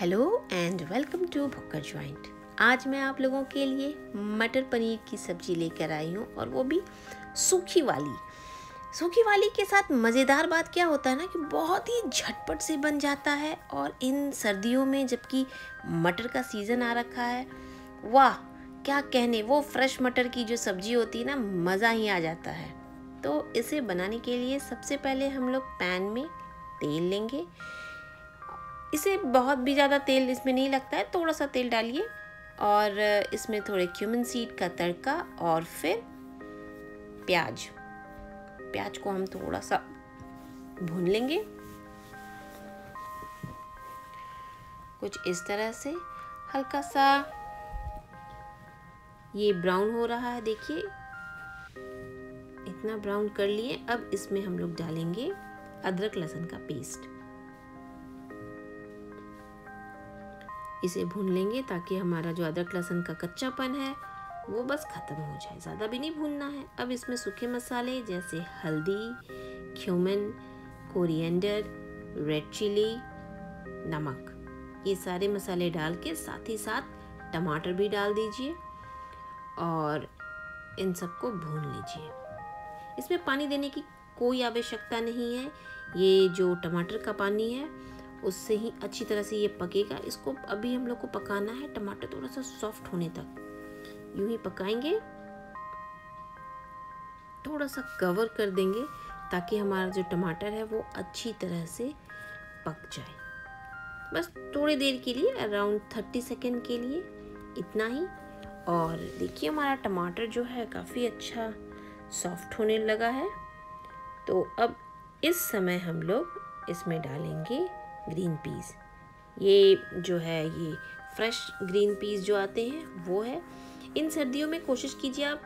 hello and welcome to भुक्कर joint आज मैं आप लोगों के लिए मटर पनीर की सब्ज़ी लेकर आई हूँ और वो भी सूखी वाली सूखी वाली के साथ मज़ेदार बात क्या होता है ना कि बहुत ही झटपट से बन जाता है और इन सर्दियों में जबकि मटर का सीज़न आ रखा है वाह क्या कहने वो फ्रेश मटर की जो सब्ज़ी होती है ना मज़ा ही आ जाता है तो इसे बनाने के लिए सबसे पहले हम लोग पैन में तेल लेंगे इसे बहुत भी ज़्यादा तेल इसमें नहीं लगता है थोड़ा सा तेल डालिए और इसमें थोड़े क्यूमन सीड का तड़का और फिर प्याज प्याज को हम थोड़ा सा भून लेंगे कुछ इस तरह से हल्का सा ये ब्राउन हो रहा है देखिए इतना ब्राउन कर लिए अब इसमें हम लोग डालेंगे अदरक लहसुन का पेस्ट इसे भून लेंगे ताकि हमारा जो अदरक लहसुन का कच्चापन है वो बस ख़त्म हो जाए ज़्यादा भी नहीं भूनना है अब इसमें सूखे मसाले जैसे हल्दी क्यूमन कोरिएंडर रेड चिली नमक ये सारे मसाले डाल के साथ ही साथ टमाटर भी डाल दीजिए और इन सबको भून लीजिए इसमें पानी देने की कोई आवश्यकता नहीं है ये जो टमाटर का पानी है उससे ही अच्छी तरह से ये पकेगा इसको अभी हम लोग को पकाना है टमाटर थोड़ा सा सॉफ्ट होने तक यूं ही पकाएंगे थोड़ा सा कवर कर देंगे ताकि हमारा जो टमाटर है वो अच्छी तरह से पक जाए बस थोड़ी देर के लिए अराउंड थर्टी सेकेंड के लिए इतना ही और देखिए हमारा टमाटर जो है काफ़ी अच्छा सॉफ्ट होने लगा है तो अब इस समय हम लोग इसमें डालेंगे ग्रीन पीस ये जो है ये फ्रेश ग्रीन पीस जो आते हैं वो है इन सर्दियों में कोशिश कीजिए आप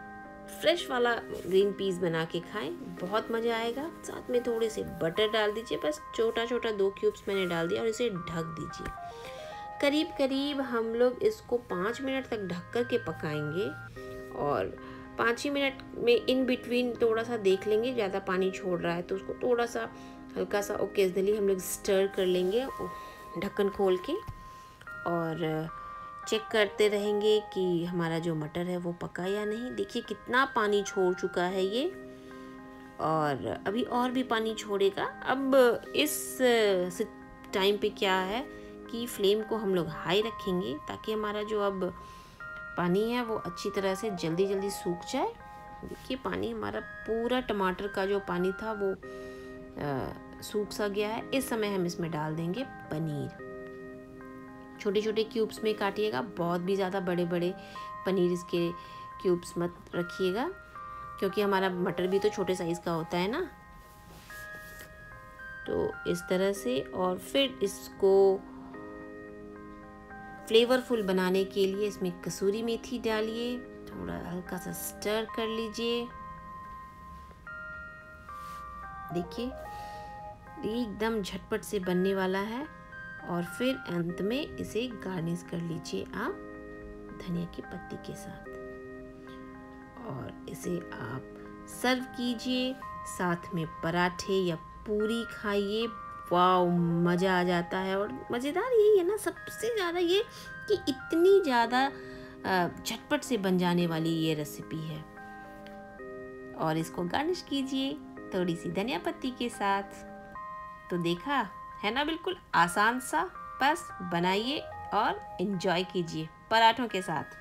फ्रेश वाला ग्रीन पीस बना के खाएं बहुत मज़ा आएगा साथ में थोड़े से बटर डाल दीजिए बस छोटा छोटा दो क्यूब्स मैंने डाल दिया और इसे ढक दीजिए करीब करीब हम लोग इसको पाँच मिनट तक ढक कर के पकाएंगे और पाँच ही मिनट में इन बिटवीन थोड़ा सा देख लेंगे ज़्यादा पानी छोड़ रहा है तो उसको थोड़ा सा हल्का सा ओकेजनली हम लोग स्टर कर लेंगे ढक्कन खोल के और चेक करते रहेंगे कि हमारा जो मटर है वो पका या नहीं देखिए कितना पानी छोड़ चुका है ये और अभी और भी पानी छोड़ेगा अब इस टाइम पे क्या है कि फ्लेम को हम लोग हाई रखेंगे ताकि हमारा जो अब पानी है वो अच्छी तरह से जल्दी जल्दी सूख जाए देखिए पानी हमारा पूरा टमाटर का जो पानी था वो सूख सा गया है इस समय हम इसमें डाल देंगे पनीर छोटे छोटे क्यूब्स में काटिएगा बहुत भी ज़्यादा बड़े बड़े पनीर इसके क्यूब्स मत रखिएगा क्योंकि हमारा मटर भी तो छोटे साइज़ का होता है ना तो इस तरह से और फिर इसको फ्लेवरफुल बनाने के लिए इसमें कसूरी मेथी डालिए थोड़ा हल्का सा स्टर कर लीजिए देखिए एकदम झटपट से बनने वाला है और फिर अंत में इसे गार्निश कर लीजिए आप धनिया की पत्ती के साथ और इसे आप सर्व कीजिए साथ में पराठे या पूरी खाइए वाव मज़ा आ जाता है और मज़ेदार यही है ना सबसे ज़्यादा ये कि इतनी ज़्यादा झटपट से बन जाने वाली ये रेसिपी है और इसको गार्निश कीजिए थोड़ी सी धनिया पत्ती के साथ तो देखा है ना बिल्कुल आसान सा बस बनाइए और इन्जॉय कीजिए पराठों के साथ